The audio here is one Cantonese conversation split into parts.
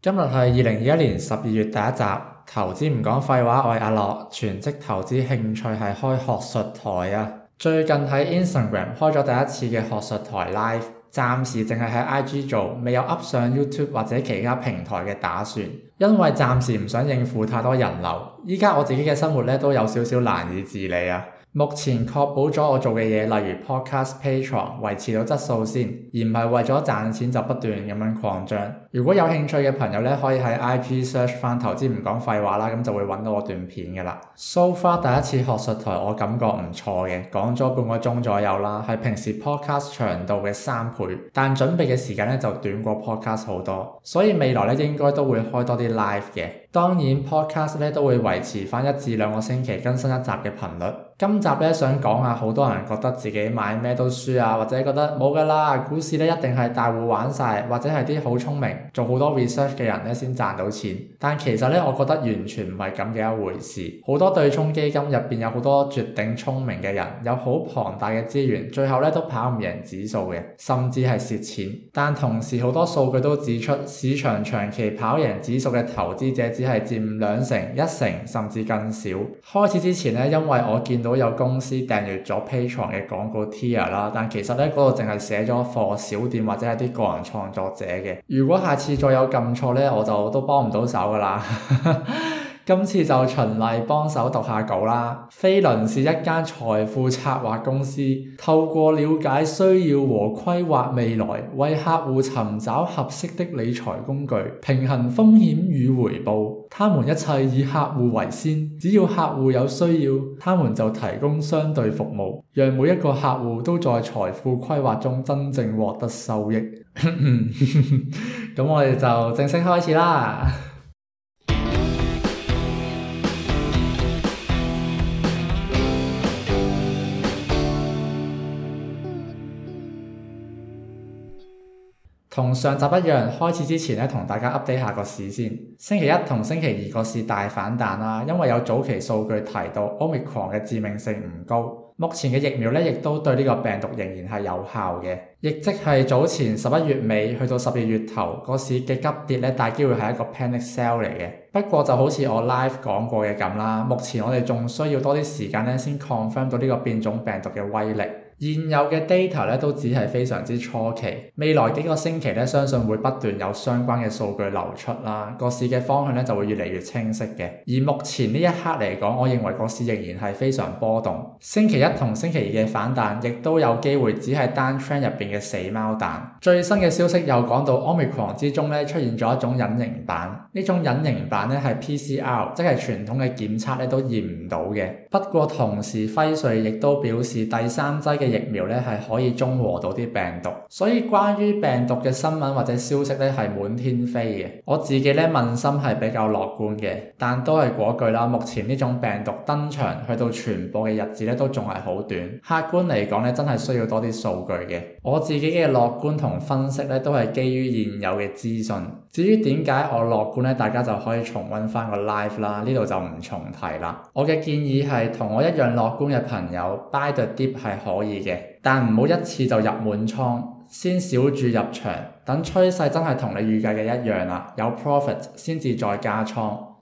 今日係二零二一年十二月第一集，投資唔講廢話，我係阿樂，全職投資興趣係開學術台啊。最近喺 Instagram 開咗第一次嘅學術台 live，暫時淨係喺 IG 做，未有 up 上 YouTube 或者其他平台嘅打算，因為暫時唔想應付太多人流。依家我自己嘅生活都有少少難以自理啊。目前確保咗我做嘅嘢，例如 Podcast Patreon 維持到質素先，而唔係為咗賺錢就不斷咁樣擴張。如果有興趣嘅朋友咧，可以喺 IG search 翻投資唔講廢話啦，咁就會揾到我段片嘅啦。So far，第一次學術台我感覺唔錯嘅，講咗半個鐘左右啦，係平時 Podcast 長度嘅三倍，但準備嘅時間咧就短過 Podcast 好多，所以未來咧應該都會開多啲 live 嘅。當然 Podcast 咧都會維持返一至兩個星期更新一集嘅頻率。今集咧想講下，好多人覺得自己買咩都輸啊，或者覺得冇㗎喇，股市咧一定係大戶玩晒，或者係啲好聰明、做好多 research 嘅人咧先賺到錢。但其實咧，我覺得完全唔係咁嘅一回事。好多對沖基金入面有好多絕頂聰明嘅人，有好龐大嘅資源，最後咧都跑唔贏指數嘅，甚至係蝕錢。但同時好多數據都指出，市場長期跑贏指數嘅投資者。只係佔兩成、一成，甚至更少。開始之前咧，因為我見到有公司訂閲咗 Patreon 嘅廣告 Tier 啦，但其實咧，嗰度淨係寫咗貨小店或者係啲個人創作者嘅。如果下次再有撳錯咧，我就都幫唔到手㗎啦。 今次就循例幫手讀下稿啦。飛輪是一間財富策劃公司，透過了解需要和規劃未來，為客戶尋找合適的理財工具，平衡風險與回報。他們一切以客戶為先，只要客戶有需要，他們就提供相對服務，讓每一個客戶都在財富規劃中真正獲得收益。咁 我哋就正式開始啦。同上集一樣，開始之前呢同大家 update 下個市先。星期一同星期二個市大反彈啦，因為有早期數據提到 Omicron 嘅致命性唔高，目前嘅疫苗呢，亦都對呢個病毒仍然係有效嘅。亦即係早前十一月尾去到十二月頭個市嘅急跌咧，大機會係一個 panic sell 嚟嘅。不過就好似我 live 講過嘅咁啦，目前我哋仲需要多啲時間咧，先 confirm 到呢個變種病毒嘅威力。現有嘅 data 咧都只係非常之初期，未來幾個星期咧相信會不斷有相關嘅數據流出啦，個市嘅方向咧就會越嚟越清晰嘅。而目前呢一刻嚟講，我認為個市仍然係非常波動。星期一同星期二嘅反彈亦都有機會只係 down trend 入邊嘅死貓彈。最新嘅消息又講到，Omicron 之中咧出現咗一種隱形蛋，呢種隱形蛋咧係 PCR 即係傳統嘅檢測咧都驗唔到嘅。不過同時輝瑞亦都表示第三劑嘅疫苗咧係可以中和到啲病毒，所以關於病毒嘅新聞或者消息咧係滿天飛嘅。我自己咧問心係比較樂觀嘅，但都係嗰句啦。目前呢種病毒登場去到傳播嘅日子咧都仲係好短。客觀嚟講咧，真係需要多啲數據嘅。我自己嘅樂觀同分析咧都係基於現有嘅資訊。至於點解我樂觀咧，大家就可以重溫翻個 live 啦，呢度就唔重提啦。我嘅建議係同我一樣樂觀嘅朋友 buy the dip 係可以。但唔好一次就入滿倉，先小注入場，等趨勢真係同你預計嘅一樣啦，有 profit 先至再加倉，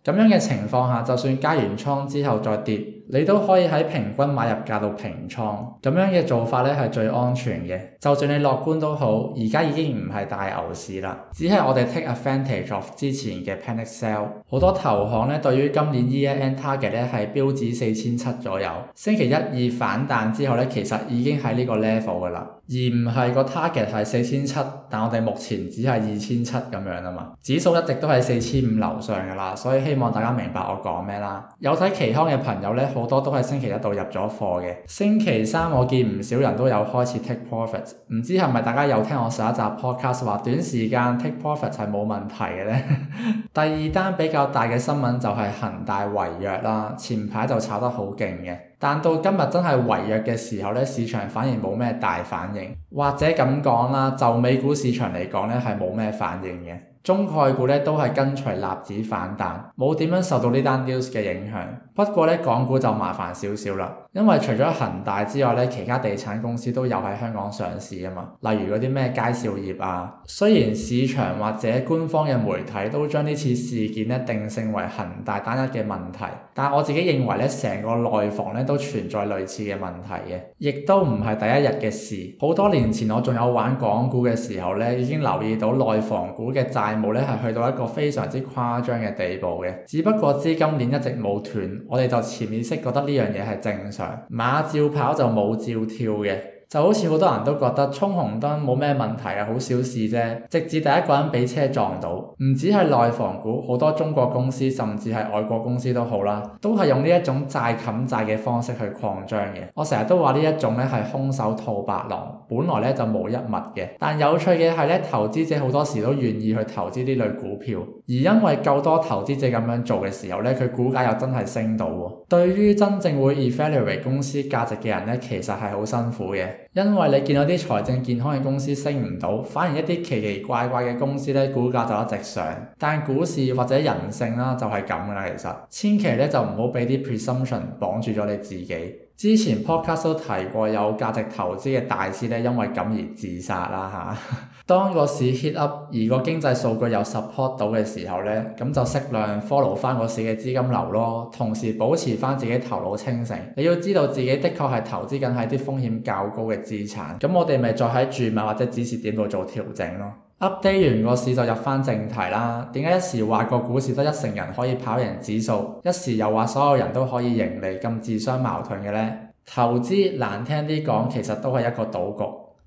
咁樣嘅情況下，就算加完倉之後再跌。你都可以喺平均買入價度平倉，咁樣嘅做法咧係最安全嘅。就算你樂觀都好，而家已經唔係大牛市啦，只係我哋 take advantage of 之前嘅 panic sell。好多投行咧對於今年 year-end target 咧係標指四千七左右。星期一二反彈之後呢，其實已經喺呢個 level 噶啦，而唔係個 target 係四千七，但我哋目前只係二千七咁樣啊嘛。指數一直都喺四千五樓上噶啦，所以希望大家明白我講咩啦。有睇期貨嘅朋友呢。好多都係星期一到入咗貨嘅，星期三我見唔少人都有開始 take profit，唔知係咪大家有聽我上一集 podcast 話短時間 take profit 係冇問題嘅呢？ 第二單比較大嘅新聞就係恒大違約啦，前排就炒得好勁嘅，但到今日真係違約嘅時候咧，市場反而冇咩大反應，或者咁講啦，就美股市場嚟講咧，係冇咩反應嘅。中概股咧都係跟隨納指反彈，冇點樣受到呢單 news 嘅影響。不過咧，港股就麻煩少少啦，因為除咗恒大之外咧，其他地產公司都有喺香港上市啊嘛。例如嗰啲咩佳兆業啊，雖然市場或者官方嘅媒體都將呢次事件咧定性為恒大單一嘅問題，但我自己認為咧，成個內房咧都存在類似嘅問題嘅，亦都唔係第一日嘅事。好多年前我仲有玩港股嘅時候咧，已經留意到內房股嘅債。冇咧，係去到一個非常之誇張嘅地步嘅。只不過資金鏈一直冇斷，我哋就潛意識覺得呢樣嘢係正常。馬照跑就舞照跳嘅。就好似好多人都覺得衝紅燈冇咩問題啊，好小事啫。直至第一個人俾車撞到，唔止係內房股，好多中國公司甚至係外國公司都好啦，都係用呢一種債冚債嘅方式去擴張嘅。我成日都話呢一種係空手套白狼，本來咧就無一物嘅。但有趣嘅係咧，投資者好多時都願意去投資呢類股票。而因為夠多投資者咁樣做嘅時候呢，佢股價又真係升到喎、哦。對於真正會 evaluate 公司價值嘅人咧，其實係好辛苦嘅，因為你見到啲財政健康嘅公司升唔到，反而一啲奇奇怪怪嘅公司呢股價就一直上。但股市或者人性啦，就係咁噶啦。其實千祈咧就唔好俾啲 presumption 綁住咗你自己。之前 podcast 都提過有價值投資嘅大師呢，因為咁而自殺啦嚇。 當個市 heat up，而個經濟數據又 support 到嘅時候呢，咁就適量 follow 翻個市嘅資金流咯，同時保持翻自己頭腦清醒。你要知道自己的確係投資緊喺啲風險較高嘅資產，咁我哋咪再喺注碼或者指數點度做調整咯。Update 完個市就入翻正題啦。點解一時話個股市得一成人可以跑贏指數，一時又話所有人都可以盈利，咁自相矛盾嘅呢？投資難聽啲講，其實都係一個賭局。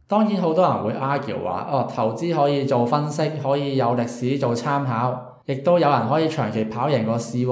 當然好多人會 argue 話哦，投資可以做分析，可以有歷史做參考，亦都有人可以長期跑贏個市。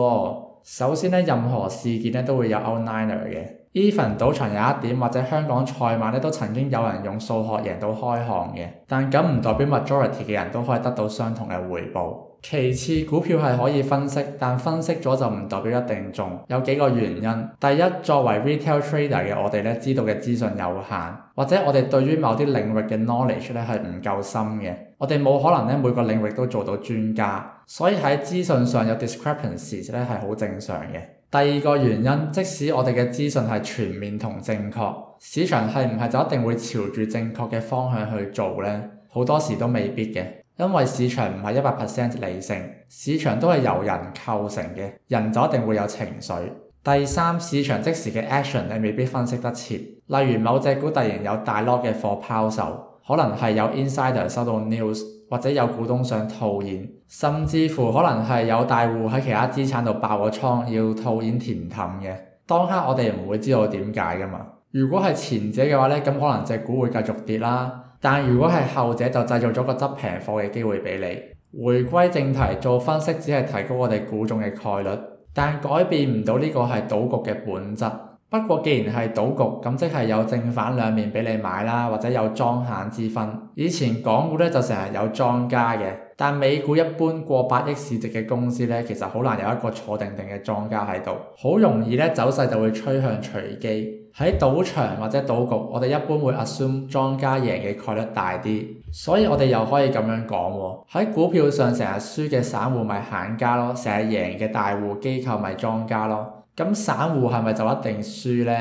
首先呢，任何事件都會有 outliner 嘅。Even 賭場有一點，或者香港賽馬咧都曾經有人用數學贏到開巷嘅，但咁唔代表 majority 嘅人都可以得到相同嘅回報。其次，股票係可以分析，但分析咗就唔代表一定中。有幾個原因：第一，作為 retail trader 嘅我哋咧，知道嘅資訊有限，或者我哋對於某啲領域嘅 knowledge 咧係唔夠深嘅，我哋冇可能每個領域都做到專家，所以喺資訊上有 discrepancies 咧係好正常嘅。第二個原因，即使我哋嘅資訊係全面同正確，市場係唔係就一定會朝住正確嘅方向去做呢？好多時都未必嘅，因為市場唔係一百 percent 理性，市場都係由人構成嘅，人就一定會有情緒。第三，市場即時嘅 action 你未必分析得切，例如某隻股突然有大粒嘅貨拋售，可能係有 insider 收到 news。或者有股東想套現，甚至乎可能係有大戶喺其他資產度爆個倉要套現填氹嘅。當刻我哋唔會知道點解㗎嘛。如果係前者嘅話呢，咁可能隻股會繼續跌啦。但如果係後者，就製造咗個執平貨嘅機會俾你。回歸正題，做分析只係提高我哋估中嘅概率，但改變唔到呢個係賭局嘅本質。不過，既然係賭局，咁即係有正反兩面俾你買啦，或者有莊閒之分。以前港股咧就成日有莊家嘅，但美股一般過百億市值嘅公司咧，其實好難有一個坐定定嘅莊家喺度，好容易咧走勢就會趨向隨機。喺賭場或者賭局，我哋一般會 assume 莊家贏嘅概率大啲，所以我哋又可以咁樣講喎。喺股票上成日輸嘅散戶咪閒家咯，成日贏嘅大戶機構咪莊家咯。咁散戶係咪就一定輸呢？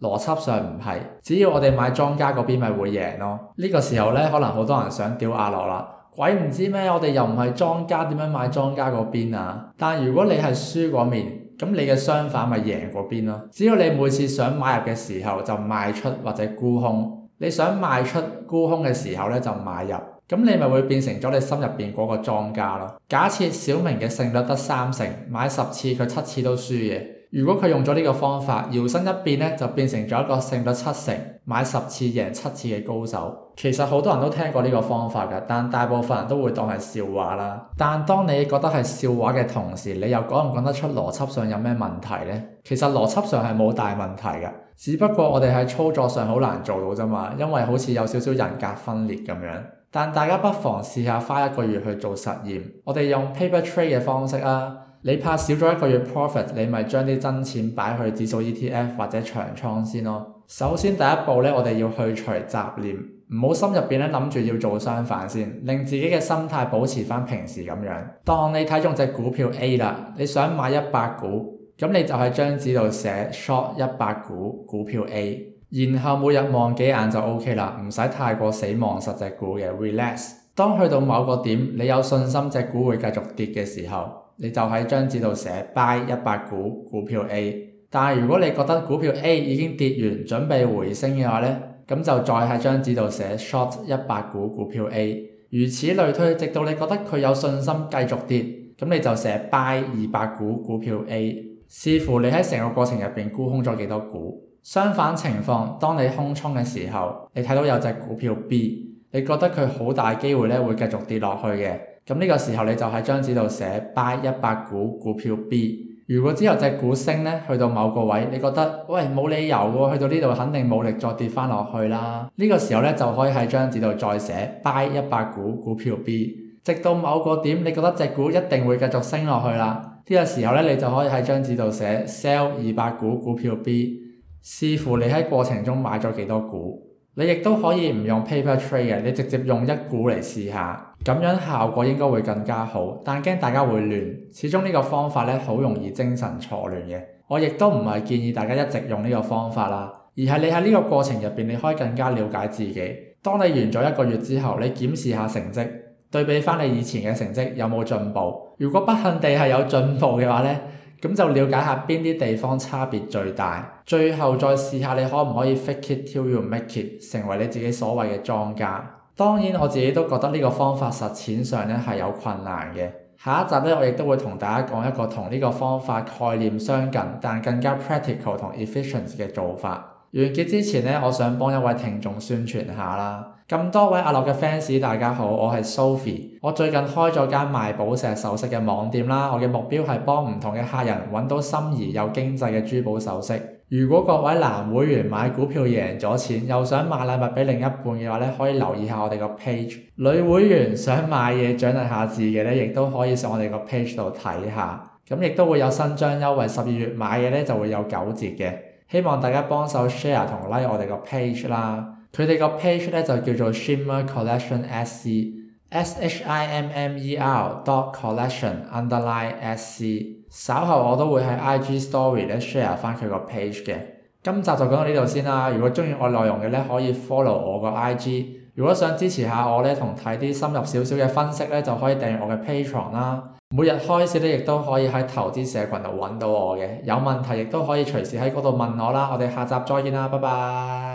邏輯上唔係，只要我哋買莊家嗰邊，咪會贏咯。呢個時候呢，可能好多人想屌阿樂啦，鬼唔知咩，我哋又唔係莊家，點樣買莊家嗰邊啊？但如果你係輸嗰面，咁你嘅相反咪贏嗰邊咯，啊。只要你每次想買入嘅時候就賣出或者沽空，你想賣出沽空嘅時候咧就買入，咁你咪會變成咗你心入邊嗰個莊家咯。假設小明嘅勝率得三成，買十次佢七次都輸嘅。如果佢用咗呢個方法，搖身一變咧，就變成咗一個勝率七成、買十次贏七次嘅高手。其實好多人都聽過呢個方法嘅，但大部分人都會當係笑話啦。但當你覺得係笑話嘅同時，你又講唔講得出邏輯上有咩問題呢？其實邏輯上係冇大問題嘅，只不過我哋喺操作上好難做到啫嘛，因為好似有少少人格分裂咁樣。但大家不妨試下花一個月去做實驗，我哋用 paper trade 嘅方式啊。你怕少咗一個月 profit，你咪將啲真錢擺去指數 ETF 或者長倉先咯。首先第一步咧，我哋要去除雜念，唔好心入面咧諗住要做相反先，令自己嘅心態保持返平時咁樣。當你睇中隻股票 A 啦，你想買一百股，咁你就喺張紙度寫 short 一百股股票 A，然後每日望幾眼就 OK 啦，唔使太過死望實隻股嘅 relax。當去到某個點，你有信心隻股會繼續跌嘅時候，你就喺張紙度寫 buy 一百股股票 A，但係如果你覺得股票 A 已經跌完，準備回升嘅話呢，咁就再喺張紙度寫 short 一百股股票 A，如此類推，直到你覺得佢有信心繼續跌，咁你就寫 buy 二百股股票 A。視乎你喺成個過程入面沽空咗幾多股。相反情況，當你空倉嘅時候，你睇到有隻股票 B，你覺得佢好大機會咧會繼續跌落去嘅。咁呢個時候你就喺張紙度寫 Buy 一百股股票 B。如果之後隻股升呢，去到某個位，你覺得，喂，冇理由嘅喎，去到呢度肯定冇力再跌返落去啦。呢、呢個時候呢，就可以喺張紙度再寫 Buy 一百股股票 B。直到某個點，你覺得隻股一定會繼續升落去啦。呢、呢個時候呢，你就可以喺張紙度寫 Sell 二百股股票 B。視乎你喺過程中買咗幾多少股，你亦都可以唔用 Paper Trade 嘅，你直接用一股嚟試下。咁樣效果應該會更加好，但驚大家會亂。始終呢個方法咧好容易精神錯亂嘅。我亦都唔係建議大家一直用呢個方法啦，而係你喺呢個過程入面，你可以更加了解自己。當你完咗一個月之後，你檢視下成績，對比返你以前嘅成績有冇進步。如果不幸地係有進步嘅話咧，咁就了解下邊啲地方差別最大，最後再試下你可唔可以 fake it till you make it，成為你自己所謂嘅莊家。當然我自己都覺得呢個方法實踐上咧係有困難嘅。下一集咧，我亦都會同大家講一個同呢個方法概念相近，但更加 practical 同 efficient 嘅做法。完結之前咧，我想幫一位聽眾宣傳下啦。咁多位阿樂嘅 fans，大家好，我係 Sophie。我最近開咗間賣寶石首飾嘅網店啦，我嘅目標係幫唔同嘅客人揾到心儀又經濟嘅珠寶首飾。如果各位男會員買股票贏咗錢，又想買禮物俾另一半嘅話咧，可以留意下我哋個 page。女會員想買嘢獎勵下自己咧，亦都可以上我哋個 page 度睇下。咁亦都會有新張優惠，十二月買嘢咧就會有九折嘅。希望大家幫手 share 同 like 我哋個 page 啦。佢哋個 page 咧就叫做 Shimmer Collection SC。Shimmer dot collection underline sc 稍後我都會喺 IG story share 翻佢個 page 嘅。今集就講到呢度先啦。如果中意我內容嘅咧，可以 follow 我個 IG。如果想支持下我咧，同睇啲深入少少嘅分析咧，就可以訂閱我嘅 Patreon 啦。每日開市咧，亦都可以喺投資社群度揾到我嘅。有問題亦都可以隨時喺嗰度問我啦。我哋下集再見啦，拜拜。